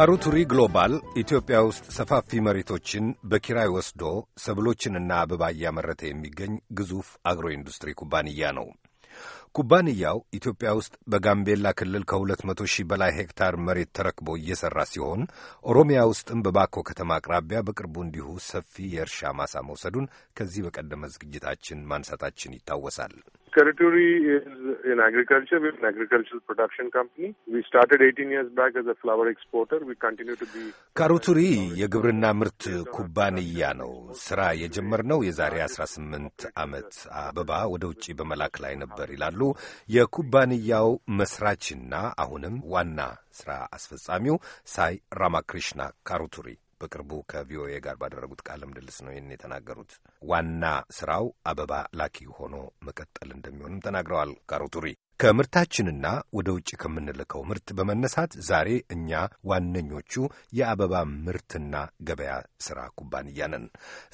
ካሩቱሪ ግሎባል ኢትዮጵያ ውስጥ ሰፋፊ መሬቶችን በኪራይ ወስዶ ሰብሎችንና አበባ እያመረተ የሚገኝ ግዙፍ አግሮ ኢንዱስትሪ ኩባንያ ነው። ኩባንያው ኢትዮጵያ ውስጥ በጋምቤላ ክልል ከ2000 ሺህ በላይ ሄክታር መሬት ተረክቦ እየሠራ ሲሆን ኦሮሚያ ውስጥም በባኮ ከተማ አቅራቢያ በቅርቡ እንዲሁ ሰፊ የእርሻ ማሳ መውሰዱን ከዚህ በቀደመ ዝግጅታችን ማንሳታችን ይታወሳል። Territory is in agriculture. We're an agricultural production company. We started 18 years back as a flower exporter. We continue to be... ካሩቱሪ የግብርና ምርት ኩባንያ ነው። ስራ የጀመርነው የዛሬ 18 ዓመት አበባ ወደ ውጭ በመላክ ላይ ነበር ይላሉ የኩባንያው መስራችና አሁንም ዋና ስራ አስፈጻሚው ሳይ ራማክሪሽና ካሩቱሪ። በቅርቡ ከቪኦኤ ጋር ባደረጉት ቃለ ምልልስ ነው ይህን የተናገሩት። ዋና ስራው አበባ ላኪ ሆኖ መቀጠል እንደሚሆንም ተናግረዋል። ካሮቱሪ ከምርታችንና ወደ ውጭ ከምንልከው ምርት በመነሳት ዛሬ እኛ ዋነኞቹ የአበባ ምርትና ገበያ ሥራ ኩባንያ ነን።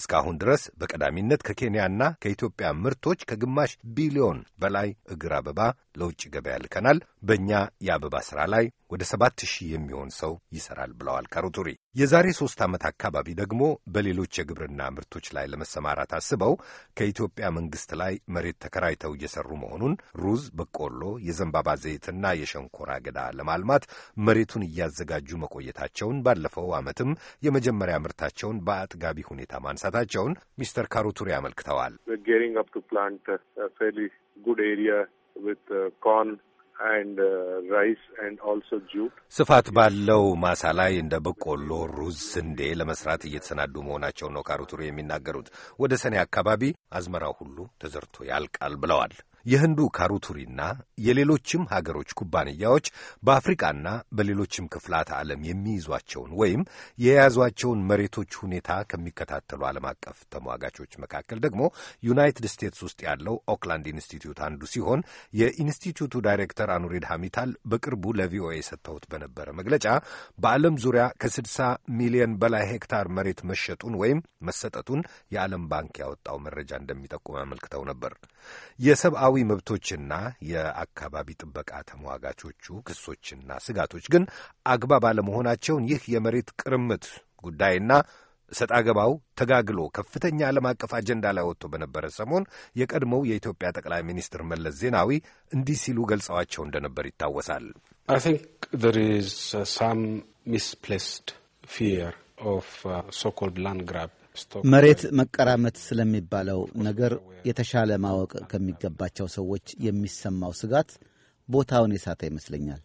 እስካሁን ድረስ በቀዳሚነት ከኬንያና ከኢትዮጵያ ምርቶች ከግማሽ ቢሊዮን በላይ እግር አበባ ለውጭ ገበያ ልከናል። በእኛ የአበባ ሥራ ላይ ወደ ሰባት ሺህ የሚሆን ሰው ይሠራል ብለዋል ካሩቱሪ። የዛሬ ሦስት ዓመት አካባቢ ደግሞ በሌሎች የግብርና ምርቶች ላይ ለመሰማራት አስበው ከኢትዮጵያ መንግሥት ላይ መሬት ተከራይተው እየሠሩ መሆኑን ሩዝ፣ በቆሎ በቆሎ፣ የዘንባባ ዘይትና የሸንኮራ አገዳ ለማልማት መሬቱን እያዘጋጁ መቆየታቸውን ባለፈው ዓመትም የመጀመሪያ ምርታቸውን በአጥጋቢ ሁኔታ ማንሳታቸውን ሚስተር ካሩቱሪ አመልክተዋል። uh, uh, ስፋት ባለው ማሳ ላይ እንደ በቆሎ፣ ሩዝ፣ ስንዴ ለመስራት እየተሰናዱ መሆናቸው ነው ካሩቱሩ የሚናገሩት። ወደ ሰኔ አካባቢ አዝመራው ሁሉ ተዘርቶ ያልቃል ብለዋል። የህንዱ ካሩቱሪና የሌሎችም ሀገሮች ኩባንያዎች በአፍሪቃና በሌሎችም ክፍላት ዓለም የሚይዟቸውን ወይም የያዟቸውን መሬቶች ሁኔታ ከሚከታተሉ ዓለም አቀፍ ተሟጋቾች መካከል ደግሞ ዩናይትድ ስቴትስ ውስጥ ያለው ኦክላንድ ኢንስቲትዩት አንዱ ሲሆን የኢንስቲትዩቱ ዳይሬክተር አኑሪድ ሀሚታል በቅርቡ ለቪኦኤ ሰጥተውት በነበረ መግለጫ በዓለም ዙሪያ ከ60 ሚሊዮን በላይ ሄክታር መሬት መሸጡን ወይም መሰጠቱን የዓለም ባንክ ያወጣው መረጃ እንደሚጠቁም አመልክተው ነበር። የሰብአዊ የሰብአዊ መብቶችና የአካባቢ ጥበቃ ተሟጋቾቹ ክሶችና ስጋቶች ግን አግባብ አለመሆናቸውን ይህ የመሬት ቅርምት ጉዳይና እሰጥ አገባው ተጋግሎ ከፍተኛ ዓለም አቀፍ አጀንዳ ላይ ወጥቶ በነበረ ሰሞን የቀድሞው የኢትዮጵያ ጠቅላይ ሚኒስትር መለስ ዜናዊ እንዲህ ሲሉ ገልጸዋቸው እንደነበር ይታወሳል። ፊር ኦፍ ሶኮልድ ላንድ ግራብ መሬት መቀራመት ስለሚባለው ነገር የተሻለ ማወቅ ከሚገባቸው ሰዎች የሚሰማው ስጋት ቦታውን የሳተ ይመስለኛል።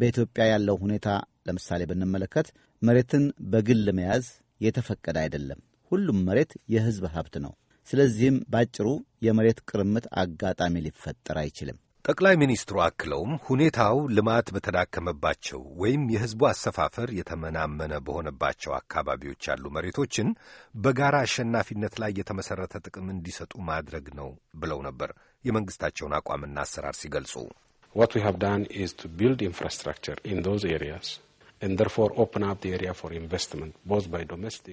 በኢትዮጵያ ያለው ሁኔታ ለምሳሌ ብንመለከት መሬትን በግል መያዝ የተፈቀደ አይደለም። ሁሉም መሬት የሕዝብ ሀብት ነው። ስለዚህም ባጭሩ የመሬት ቅርምት አጋጣሚ ሊፈጠር አይችልም። ጠቅላይ ሚኒስትሩ አክለውም ሁኔታው ልማት በተዳከመባቸው ወይም የሕዝቡ አሰፋፈር የተመናመነ በሆነባቸው አካባቢዎች ያሉ መሬቶችን በጋራ አሸናፊነት ላይ የተመሠረተ ጥቅም እንዲሰጡ ማድረግ ነው ብለው ነበር የመንግሥታቸውን አቋምና አሰራር ሲገልጹ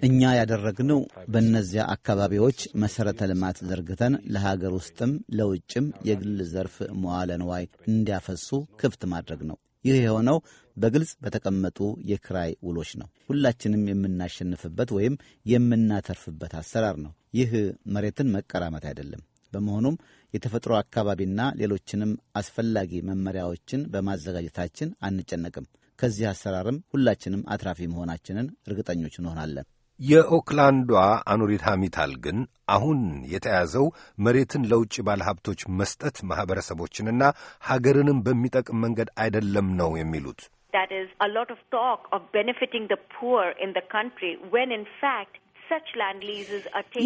እኛ ያደረግነው በእነዚያ አካባቢዎች መሠረተ ልማት ዘርግተን ለሀገር ውስጥም ለውጭም የግል ዘርፍ መዋለ ንዋይ እንዲያፈሱ ክፍት ማድረግ ነው። ይህ የሆነው በግልጽ በተቀመጡ የክራይ ውሎች ነው። ሁላችንም የምናሸንፍበት ወይም የምናተርፍበት አሰራር ነው። ይህ መሬትን መቀራመት አይደለም። በመሆኑም የተፈጥሮ አካባቢና ሌሎችንም አስፈላጊ መመሪያዎችን በማዘጋጀታችን አንጨነቅም። ከዚህ አሰራርም ሁላችንም አትራፊ መሆናችንን እርግጠኞች እንሆናለን። የኦክላንዷ አኑሪት ሃሚታል ግን አሁን የተያዘው መሬትን ለውጭ ባለሀብቶች መስጠት ማኅበረሰቦችንና ሀገርንም በሚጠቅም መንገድ አይደለም ነው የሚሉት። that is a lot of talk of benefiting the poor in the country when in fact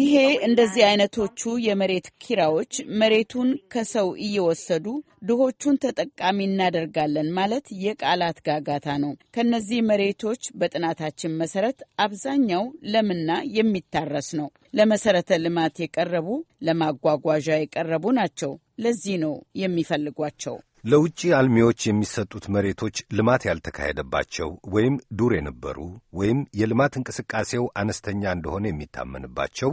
ይሄ እንደዚህ አይነቶቹ የመሬት ኪራዎች መሬቱን ከሰው እየወሰዱ ድሆቹን ተጠቃሚ እናደርጋለን ማለት የቃላት ጋጋታ ነው። ከነዚህ መሬቶች በጥናታችን መሰረት አብዛኛው ለምና የሚታረስ ነው። ለመሰረተ ልማት የቀረቡ፣ ለማጓጓዣ የቀረቡ ናቸው። ለዚህ ነው የሚፈልጓቸው። ለውጭ አልሚዎች የሚሰጡት መሬቶች ልማት ያልተካሄደባቸው ወይም ዱር የነበሩ ወይም የልማት እንቅስቃሴው አነስተኛ እንደሆነ የሚታመንባቸው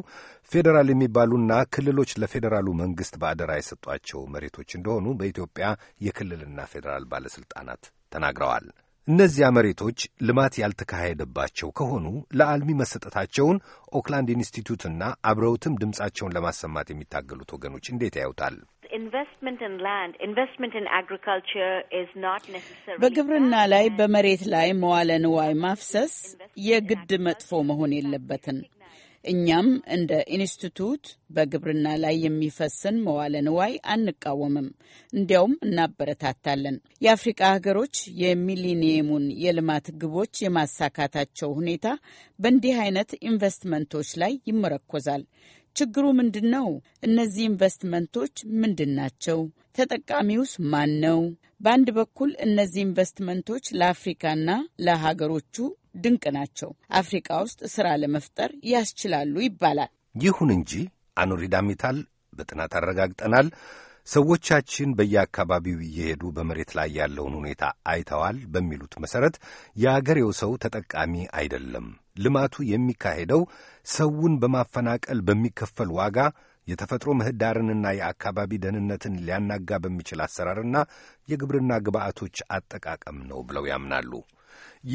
ፌዴራል የሚባሉና ክልሎች ለፌዴራሉ መንግሥት በአደራ የሰጧቸው መሬቶች እንደሆኑ በኢትዮጵያ የክልልና ፌዴራል ባለሥልጣናት ተናግረዋል። እነዚያ መሬቶች ልማት ያልተካሄደባቸው ከሆኑ ለአልሚ መሰጠታቸውን ኦክላንድ ኢንስቲትዩትና አብረውትም ድምፃቸውን ለማሰማት የሚታገሉት ወገኖች እንዴት ያዩታል? በግብርና ላይ በመሬት ላይ መዋለ ንዋይ ማፍሰስ የግድ መጥፎ መሆን የለበትም። እኛም እንደ ኢንስቲቱት በግብርና ላይ የሚፈስን መዋለ ንዋይ አንቃወምም፣ እንዲያውም እናበረታታለን። የአፍሪቃ ሀገሮች የሚሊኒየሙን የልማት ግቦች የማሳካታቸው ሁኔታ በእንዲህ አይነት ኢንቨስትመንቶች ላይ ይመረኮዛል። ችግሩ ምንድን ነው? እነዚህ ኢንቨስትመንቶች ምንድን ናቸው? ተጠቃሚውስ ማን ነው? በአንድ በኩል እነዚህ ኢንቨስትመንቶች ለአፍሪካና ለሀገሮቹ ድንቅ ናቸው፣ አፍሪካ ውስጥ ሥራ ለመፍጠር ያስችላሉ ይባላል። ይሁን እንጂ አኑሪዳሚታል በጥናት አረጋግጠናል ሰዎቻችን በየአካባቢው እየሄዱ በመሬት ላይ ያለውን ሁኔታ አይተዋል በሚሉት መሠረት የአገሬው ሰው ተጠቃሚ አይደለም። ልማቱ የሚካሄደው ሰውን በማፈናቀል በሚከፈል ዋጋ የተፈጥሮ ምህዳርንና የአካባቢ ደህንነትን ሊያናጋ በሚችል አሰራርና የግብርና ግብዓቶች አጠቃቀም ነው ብለው ያምናሉ።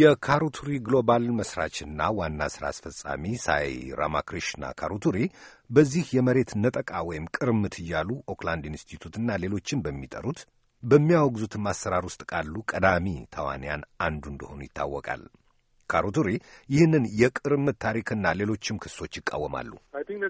የካሩቱሪ ግሎባል መስራችና ዋና ሥራ አስፈጻሚ ሳይ ራማክሪሽና ካሩቱሪ በዚህ የመሬት ነጠቃ ወይም ቅርምት እያሉ ኦክላንድ ኢንስቲቱትና ሌሎችን በሚጠሩት በሚያወግዙትም አሰራር ውስጥ ካሉ ቀዳሚ ተዋንያን አንዱ እንደሆኑ ይታወቃል። ካሩቱሪ ይህንን የቅርምት ታሪክና ሌሎችም ክሶች ይቃወማሉ። uh,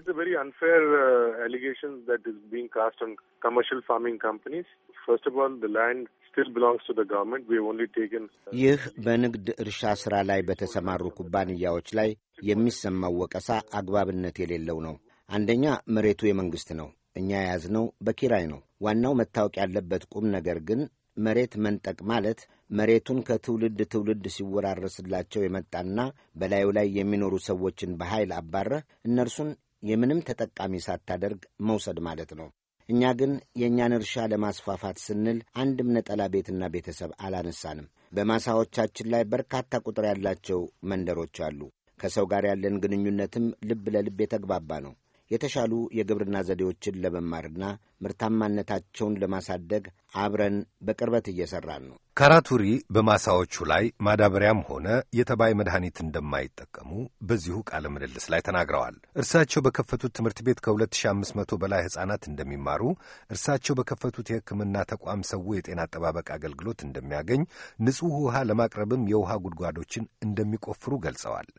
uh, ይህ በንግድ እርሻ ስራ ላይ በተሰማሩ ኩባንያዎች ላይ የሚሰማው ወቀሳ አግባብነት የሌለው ነው። አንደኛ መሬቱ የመንግሥት ነው። እኛ የያዝነው በኪራይ ነው። ዋናው መታወቅ ያለበት ቁም ነገር ግን መሬት መንጠቅ ማለት መሬቱን ከትውልድ ትውልድ ሲወራረስላቸው የመጣና በላዩ ላይ የሚኖሩ ሰዎችን በኃይል አባረህ እነርሱን የምንም ተጠቃሚ ሳታደርግ መውሰድ ማለት ነው። እኛ ግን የእኛን እርሻ ለማስፋፋት ስንል አንድም ነጠላ ቤትና ቤተሰብ አላነሳንም። በማሳዎቻችን ላይ በርካታ ቁጥር ያላቸው መንደሮች አሉ። ከሰው ጋር ያለን ግንኙነትም ልብ ለልብ የተግባባ ነው። የተሻሉ የግብርና ዘዴዎችን ለመማርና ምርታማነታቸውን ለማሳደግ አብረን በቅርበት እየሠራን ነው። ካራቱሪ በማሳዎቹ ላይ ማዳበሪያም ሆነ የተባይ መድኃኒት እንደማይጠቀሙ በዚሁ ቃለ ምልልስ ላይ ተናግረዋል። እርሳቸው በከፈቱት ትምህርት ቤት ከ2500 በላይ ሕፃናት እንደሚማሩ፣ እርሳቸው በከፈቱት የሕክምና ተቋም ሰው የጤና አጠባበቅ አገልግሎት እንደሚያገኝ፣ ንጹሕ ውሃ ለማቅረብም የውሃ ጉድጓዶችን እንደሚቆፍሩ ገልጸዋል።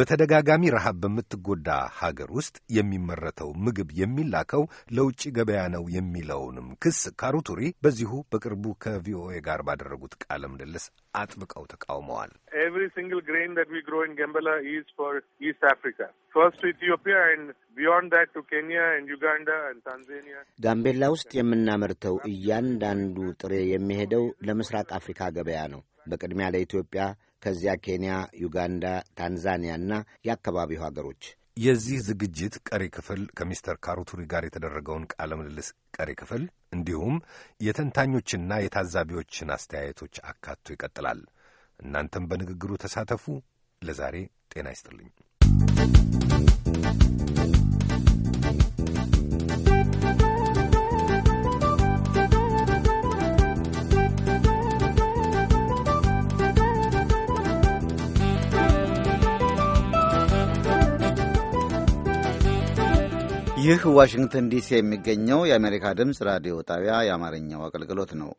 በተደጋጋሚ ረሃብ በምትጎዳ ሀገር ውስጥ የሚመረተው ምግብ የሚላከው ለውጭ ገበያ ነው የሚለውንም ክስ ካሩቱሪ በዚሁ በቅርቡ ከቪኦኤ ጋር ባደረጉት ቃለ ምልልስ አጥብቀው ተቃውመዋል። ኤቭሪ ሲንግል ግሬን ዳት ዊ ግሮ ኢን ጋምቤላ ኢዝ ፎር ኢስት አፍሪካ ፈርስት ኢትዮጵያ ኤንድ ቢዮንድ ቱ ኬንያ ኤንድ ዩጋንዳ ኤንድ ታንዛኒያ። ጋምቤላ ውስጥ የምናመርተው እያንዳንዱ ጥሬ የሚሄደው ለምስራቅ አፍሪካ ገበያ ነው። በቅድሚያ ለኢትዮጵያ፣ ከዚያ ኬንያ፣ ዩጋንዳ፣ ታንዛኒያ እና የአካባቢው ሀገሮች የዚህ ዝግጅት ቀሪ ክፍል ከሚስተር ካሩቱሪ ጋር የተደረገውን ቃለ ምልልስ ቀሪ ክፍል እንዲሁም የተንታኞችና የታዛቢዎችን አስተያየቶች አካቶ ይቀጥላል። እናንተም በንግግሩ ተሳተፉ። ለዛሬ ጤና ይስጥልኝ። ይህ ዋሽንግተን ዲሲ የሚገኘው የአሜሪካ ድምፅ ራዲዮ ጣቢያ የአማርኛው አገልግሎት ነው።